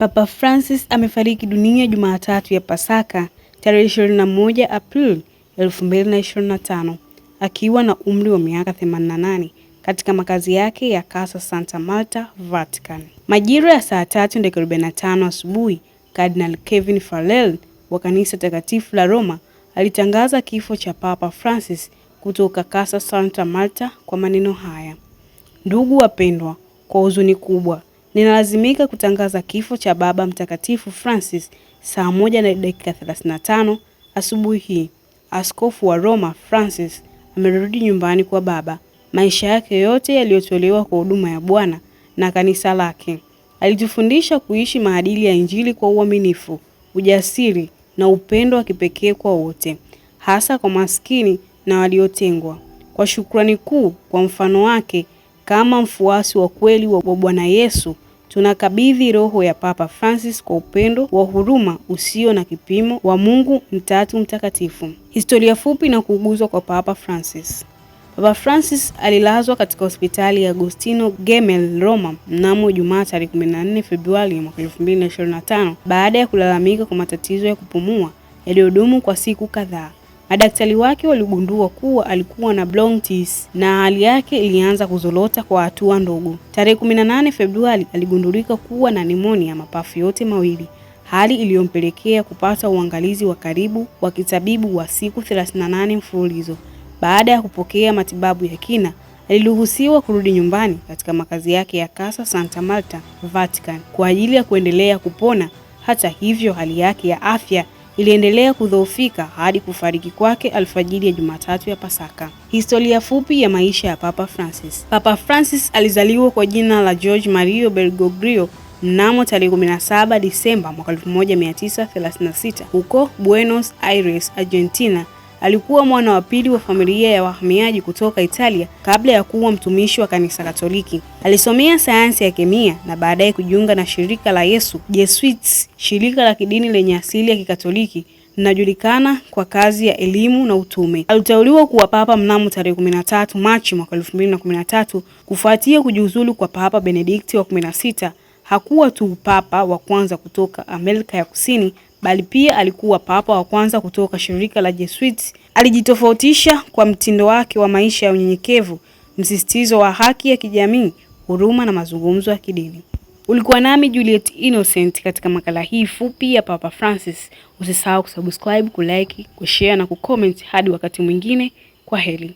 Papa Francis amefariki dunia Jumatatu ya Pasaka tarehe 21 Aprili 2025 akiwa na umri wa miaka 88 katika makazi yake ya Casa Santa Marta, Vatican. Majira ya saa tatu 45 asubuhi, Cardinal Kevin Farrell wa Kanisa Takatifu la Roma alitangaza kifo cha Papa Francis kutoka Casa Santa Marta kwa maneno haya: Ndugu wapendwa, kwa huzuni kubwa ninalazimika kutangaza kifo cha Baba Mtakatifu Francis saa moja na dakika 35 asubuhi hii. Askofu wa Roma Francis amerudi nyumbani kwa Baba. Maisha yake yote yaliyotolewa kwa huduma ya Bwana na kanisa lake. Alitufundisha kuishi maadili ya Injili kwa uaminifu, ujasiri na upendo wa kipekee kwa wote, hasa kwa maskini na waliotengwa. Kwa shukrani kuu kwa mfano wake kama mfuasi wa kweli wa Bwana Yesu, tunakabidhi roho ya Papa Francis kwa upendo wa huruma usio na kipimo wa Mungu Mtatu Mtakatifu. Historia fupi na kuuguzwa kwa Papa Francis. Papa Francis alilazwa katika hospitali ya Agostino gemel Roma mnamo Jumaa tarehe 14 Februari mwaka 2025 baada ya kulalamika kwa matatizo ya kupumua yaliyodumu kwa siku kadhaa. Madaktari wake waligundua kuwa alikuwa na bronchitis na hali yake ilianza kuzorota kwa hatua ndogo. Tarehe 18 Februari aligundulika kuwa na nimonia ya mapafu yote mawili, hali iliyompelekea kupata uangalizi wa karibu wa kitabibu wa siku 38 mfululizo. Baada ya kupokea matibabu ya kina, aliruhusiwa kurudi nyumbani katika makazi yake ya Casa Santa Marta, Vatican, kwa ajili ya kuendelea kupona. Hata hivyo, hali yake ya afya iliendelea kudhoofika hadi kufariki kwake alfajiri ya Jumatatu ya Pasaka. Historia fupi ya maisha ya Papa Francis. Papa Francis alizaliwa kwa jina la George Mario Bergoglio mnamo tarehe 17 Disemba mwaka 1936 huko Buenos Aires, Argentina Alikuwa mwana wa pili wa familia ya wahamiaji kutoka Italia kabla ya kuwa mtumishi wa kanisa Katoliki. Alisomea sayansi ya kemia na baadaye kujiunga na shirika la Yesu Jesuits, shirika la kidini lenye asili ya Kikatoliki linajulikana kwa kazi ya elimu na utume. Aliteuliwa kuwa papa mnamo tarehe 13 Machi mwaka 2013 kufuatia kujiuzulu kwa Papa Benedikti wa 16. Hakuwa tu papa wa kwanza kutoka Amerika ya Kusini bali pia alikuwa papa wa kwanza kutoka shirika la Jesuits. Alijitofautisha kwa mtindo wake wa maisha ya unyenyekevu, msisitizo wa haki ya kijamii, huruma na mazungumzo ya kidini. Ulikuwa nami Juliet Innocent katika makala hii fupi ya Papa Francis. Usisahau kusubscribe, kulike, kushare na kucomment. Hadi wakati mwingine, kwa heri.